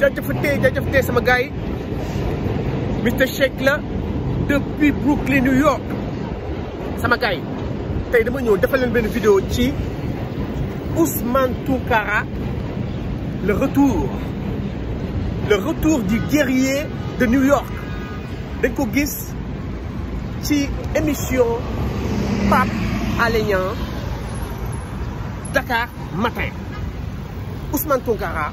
jaajëfatee jaajëfatee sama gars Mr. Mister là, depuis Brooklyn New York sama gars yi je dama vous defal une vidéo ci Ousmane Toukara, le retour le retour du guerrier de New York dañ ko gis ci émission Pape Alé Dakar Matin Ousmane Toukara,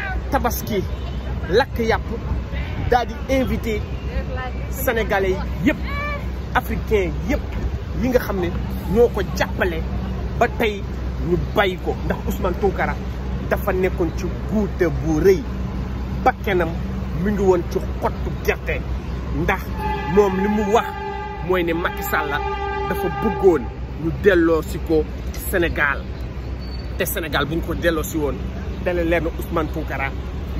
tabaski lakk yàpp daal di invité sénégalais yëpp africain yëpp yi nga xam ne ñoo ko jàppale ba tey ñu bàyyi ko ndax Ousmane Tounkara dafa nekkoon ci guute bu rëy bakkenam mi ngi woon ci xottu gerte ndax moom ni mu wax mooy ne Macky Sall dafa bëggoon ñu delloo si ko senegal te senegal bu ñu ko delloo si woon dala leer Ousmane Tounkara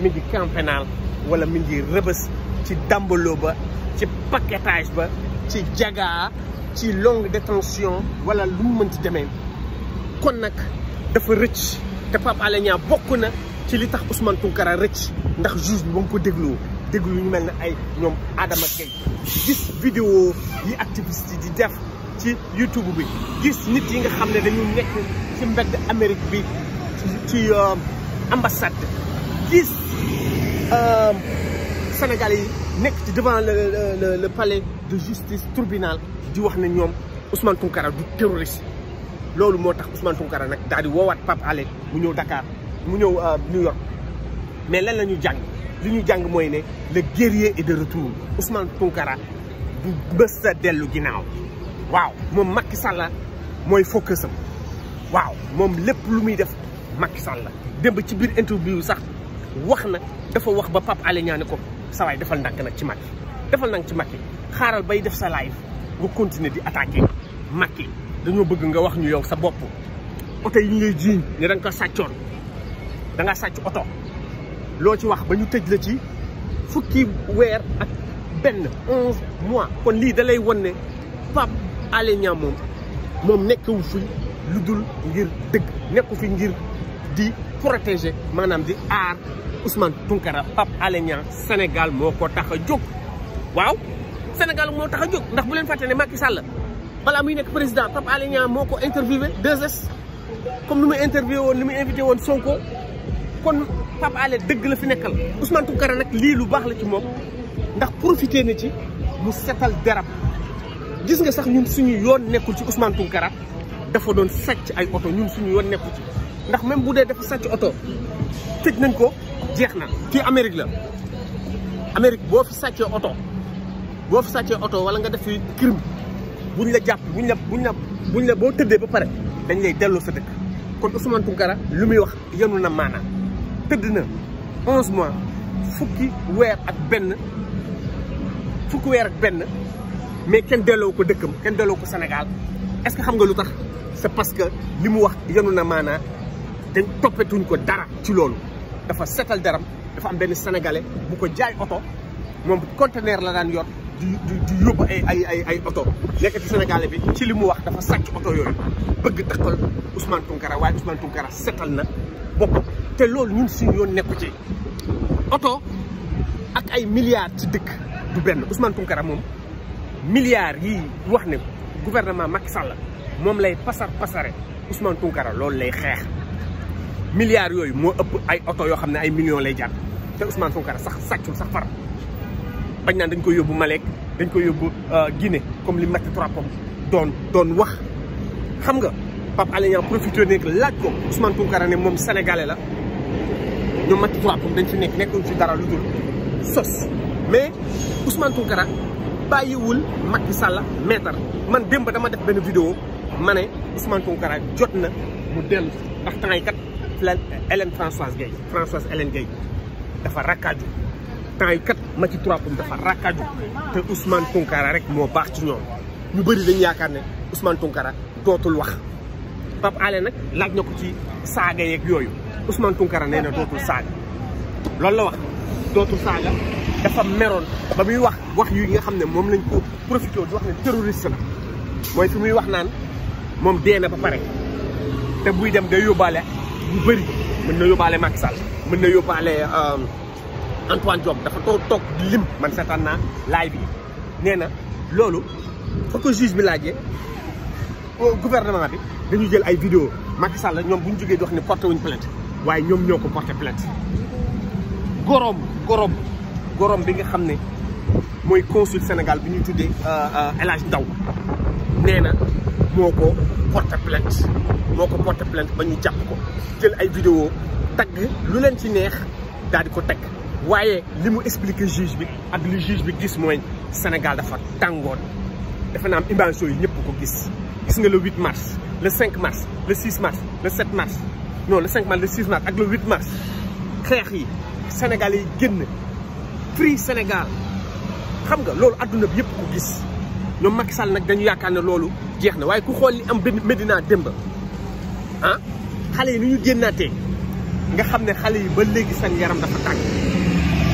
midi ngi camp pénal wala mi ngi rëbës ci dambaloo ba ci paquetage ba ci jagaa ci longue détention wala lu mu mënti demee kon nag dafa rëcc te Pape Alé Niang bokk ci li tax Ousmane Tounkara rëcc ndax juge bi ba mu ko dégloo déglu ñu mel ay ñoom Adama Gueye gis yi activiste di def ci YouTube bi gis nit yi nga xam ne dañu nekk ci mbedd Amérique bi ci euh, ambassade 10 euh, Sénégalais devant le palais de justice tribunal di wax Ousmane Toungara du terroriste le motax Ousmane Tonkara nak daal di Pape Dakar mu euh, New York mais lan lañu jang li ñu le guerrier est de retour Ousmane Tonkara du de a dellu waaw mom Macky Sall moy focusam waaw def Macky Sall dem ci bir interview sax wax na dafa wax ba pap Ali Niang ko sa waay defal nak nag ci Macky defal nak ci Macky xaaral bay def sa live nga continuer di attaquer Macky dañu bëgg nga wax ñu yow sa bop auto yi ngay jiñ ni da nga ko da nga sacc auto lo ci wax bañu tejj la ci fukki wër ak ben onze mois kon li da lay won ne Pape Alé mom moom moom fi ngir deug nekku fi ngir di protéger manam di Ar Ousmane Tunkara, Pape Alé Sénégal Moko ko Djok. a waaw Sénégal Moko tax Djok. ndax bu len faté né Macky Sall bala muy nekk président Pape Alé Moko interviewé 2S comme nous muy interviewé won ni invité won Sonko kon Pape Alé deug la fi nekkal Ousmane Tunkara, nak li lu bax la ci mom ndax profiter na ci mu sétal derab gis nga sax ñun suñu yoon nekkul ci Ousmane Tunkara, dafa doon sàcc ay auto ñun suñu yoon nekkul ci ndax même bu dee def sàcc oto tëj nañ ko jeex na fii Amérique la Amérique boo fi sàccee oto boo fi sàccee oto wala nga def fi crime buñ la jàpp buñ la buñ la buñ la boo tëddee ba pare dañ lay delloo sa dëkk kon Ousmane Tounkara li muy wax yenu na maanaam tëdd na onze mois fukki weer ak benn fukki weer ak benn mais kenn delloo ko dëkkam kenn delloo ko Sénégal est-ce xam nga lu tax c'est parce que li mu wax yenu na maanaa dañ toppatuñ ko dara ci loolu dafa setal daram dafa am benn sénégalais bu ko jaay oto moom conteneur la daan yor di di yóbbu ay ay ay ay oto nekkati sénégalais bi ci li mu wax dafa sàcc oto yooyu bëgg takkal Ousmane Tounkara waaye Ousmane Tounkara setal na boppam te loolu ñun suñu yoon nekku ci oto ak ay milliards ci dëkk du benn Ousmane Tounkara moom milliards yi wax ne gouvernement Macky Sall moom lay pasar pasare Ousmane Tounkara loolu lay xeex milliards yoy mo upp ay auto yo xam ay millions lay jatt te Ousmane Tounkara sax sàccul sax far bañ nan dañ ko yobbu Malek dañ ko yobbu euh, Guinée comme li Maty Trois Pommes don doon wax xam nga Pap Alain Niang profité nek laaj ko Ousmane Tounkara ne mom sénégalais la ñu Maty Trois dañ ci nek nekkuñ ci dara lu dul sos mais Ousmane Tounkara bàyyiwul Macky Sall maître man demba dama def ben vidéo mané Ousmane Tounkara jotna mu dellu ndax temps kat Hélène Françoise Gueye Françoise Hélène Gueye dafa rakkaaju temps yi kat Maty 3 Pommes dafa rakkaaju te Ousmane Tounkara rek moo baax ci ñoom ñu bëri dañu yaakaar ne Ousmane Tounkara dootul wax Pape Alé nag laaj na ko ci saaga yeeg yooyu Ousmane Tounkara nee na dootul saaga loolu la wax dootul saaga dafa meroon ba muy wax wax yi nga xam ne moom lañ ko profité wax ne terroriste la mooy fi muy wax naan moom dee ba pare te buy dem day yóbbaale bu bëri mën na yóbbaale Macky Sall mën na yóbbaale euh, Antoine Diop dafa toog toog lim man seetaan naa laay bi nee na loolu fa ko juge bi laajee gouvernement bi dañu jël ay vidéo Macky Sall ñoom bu ñu jógee di wax ne porté wuñ waaye ñoom ñoo ko porté plainte gorom gorom gorom bi nga xam ne mooy consul Sénégal bi ñu tuddee euh, euh, El Hadj Ndaw nee Moko porte plainte Moko porte plainte ba ñu ko jël ay vidéo tag lu len ci neex dal di ko tagg waaye li juge bi ak li juge bi gis mooy Sénégal dafa tàngoon dafa na am image yi ñëpp ko gis gis nga le 8 mars le 5 mars le 6 mars le 7 mars non le 5 mars le 6 mars ak le 8 mars xex yi sénégalais yi genn prix Sénégal xam nga loolu aduna bi yëpp ko gis ñoom Macky Sall nag dañu yaakaar ne loolu jeex na waaye ku xool li am Medina démb ah xale yi nu ñu génnaatee nga xam ne xale yi ba léegi seen yaram dafa tàng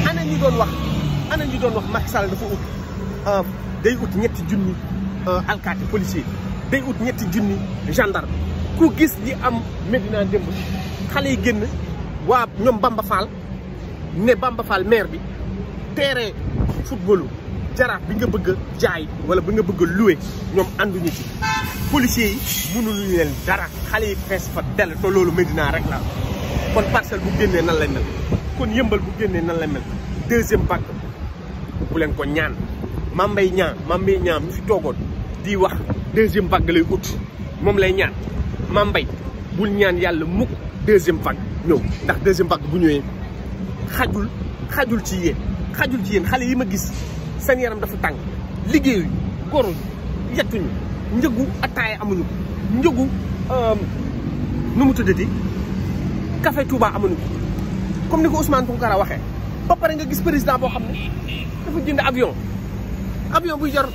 ana ñi doon wax ana ñi doon wax Macky Sall dafa ut euh, day ut ñetti junni euh, alkaati policier day ut ñetti junni gendarme ku gis li am Medina démb xale yi génn waa ñoom Bamba ne Bamba Fall maire bi terrain footballu jaraaf bi nga bëgg jaay wala bi nga bëgg loué andu ñu ci policiers yi ñu leen dara xale yi fees fa del to lolu Medina rek la kon parcel bu génné nan lay mel kon yëmbal bu génné nan lay mel deuxième bac bu leen ko ñaan mambay ñaan mambay ñaan mi fi togon di wax deuxième vague lay out mom lay ñaan mambay bu ñaan yalla mukk deuxième vague ñow ndax deuxième vague bu ñëwee xajul xajul ci yeen xajul ci yeen xale yi ma gis seen yaram dafa tàng liggéeyuñu goruñu yettuñu njëgu attaaye amuñu ko euh nu mu tuddati café Touba amuñu ko comme ni ko Ousmane tonkara waxe ba paré nga gis président bo xamné dafa jënd avion avion bu jor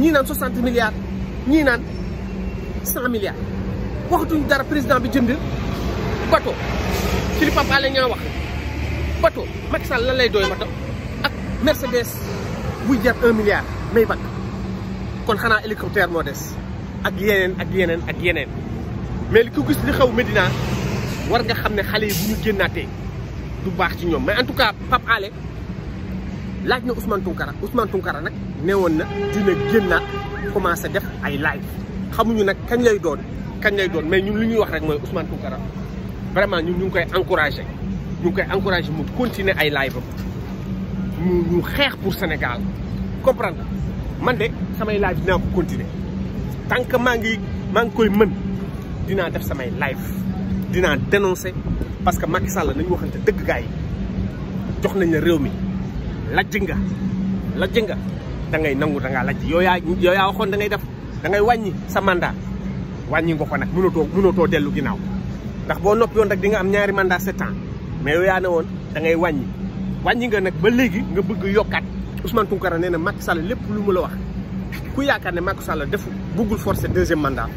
ñi naan 60 milliards ñi naan 100 milliards waxatuñ dara président bi jënd bateau ci li Pape wax bateau Macky la lay doy bateau ak Mercedes buy jar un milliard may bakk kon xanaa hélicoptère moo des ak yeneen ak yeneen ak yeneen mais li ko gis li xew Medina war nga xam ne xale yi bu ñu génnaatee du baax ci ñoom mais en tout cas Pape Alé laaj na Ousmane Tounkara Ousmane Tounkara nag nee woon na dina génnaat commencé def ay live xamuñu nag kañ lay doon kañ lay doon mais ñun li ñuy wax rek mooy Ousmane Tounkara vraiment ñun ñu ngi koy encouragé ñu ngi koy encouragé mu continuer ay live am ñu xeex pour Sénégal comprendre man de samay live dinaa ko continuer tant que maa ngi maa ngi koy mën dinaa def samay live dinaa dénoncer parce que Macky Sall nañu waxante dëgg gaay yi jox nañ la réew mi lajj nga lajj nga dangay ngay nangu da ngaa lajj yoo yaa yoo waxoon da ngay def da ngay wàññi sa mandat wàññi nga ko nag mënatoo mënatoo dellu ginnaaw ndax boo noppi woon rek di nga am ñaari mandaa sept mais yoo ne woon da ngay wàññi wàññi nga nag ba léegi nga bëgg yokkaat Ousmane Tounkara nee na Macky Sall lépp lu mu la wax ku yaakaar ne Macky Sall def bëggul forcer deuxième mandat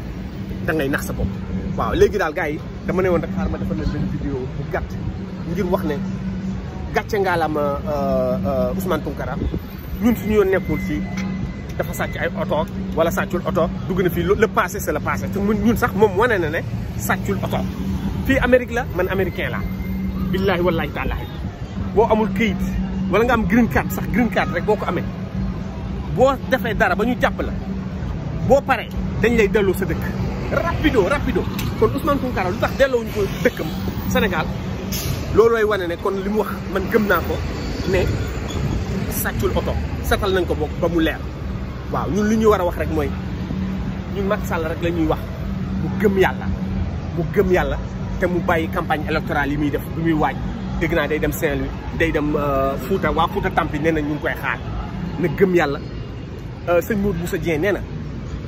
da ngay nax sa bopp. waaw léegi daal gars yi dama ne woon rek xaaral ma defal leen benn vidéo bu gàtt ngir wax ne gàcce ngaalaama euh, euh, Ousmane Tounkara ñun suñu yoon nekkul si dafa sàcc ay oto wala sàccul oto dugg na fii le passé c'est le passé te ñun sax moom wane na ne sàccul oto fii Amérique la man américain laa billahi wallahi taalahi bo amul këyit wala nga am green card sax green card rek boko amé bo boo dara bañu japp la bo paré dañ lay delloo sa dëkk rapido rapido kon Ousmane Tounkara lu tax delloo ñu ko dëkkam Sénégal loolu lay wane kon limu wax man gëm na ko ne satul auto satal nañ ko bok ba mu lèr waaw ñun li ñu wara wax rek moy ñun Macky Sall rek lañuy wax bu gëm Yalla bu gëm Yalla té mu bayyi campagne électorale yi mi def bu mi waaj dégg naa day dem seen louis day dem euh, Fouta waa Fouta Tampi nee na ñu ngi koy xaar na gëm yàlla euh, sëñ Mourou Moussa Dieng nee na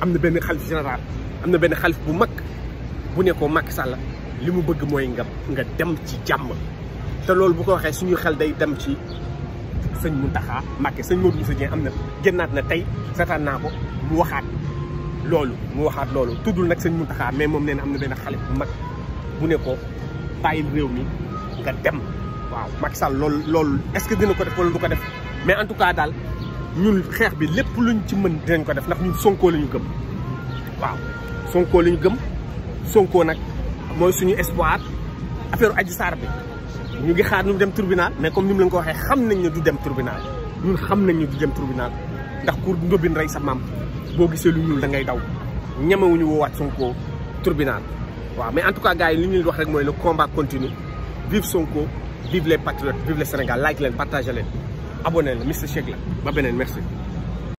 am na benn xalif général am na benn xalif bu mag bu ne ko Macky li mu bëgg mooy nga nga dem ci jàmm te loolu bu ko waxee suñu xel day dem ci sëñ Mountakha Mbacké sëñ Mourou Moussa Dieng am na génnaat na tey seetaan naa ko mu waxaat loolu mu waxaat loolu tuddul nag sëñ Mountakha mais moom nee na am na benn xalif bu mag bu nekkoo ko bàyyil réew mi nga dem waaw Macky Sall lol est-ce que dina ko def wala du ko def mais en tout cas dal ñun xex bi lepp luñ ci mën dinañ ko def nak ñun Sonko la gëm waaw Sonko liñu gëm Sonko nak moy suñu espoir affaire Adji Sar bi ñu ngi xaar ñu dem tribunal mais comme ñum lañ ko waxee xam nañ ne du dem tribunal ñun xam nañ ne du dem tribunal ndax cour ndobine ray sa mam bo gisé lu ñuul da ngay daw ñamawuñu woowaat Sonko tribunal waaw mais en tout cas gars yi li ñu wax rek mooy le combat continue vive Sonko vive les patriotes vive le Sénégal like leen partage leen abonné leen Mister Shake la ba beneen merci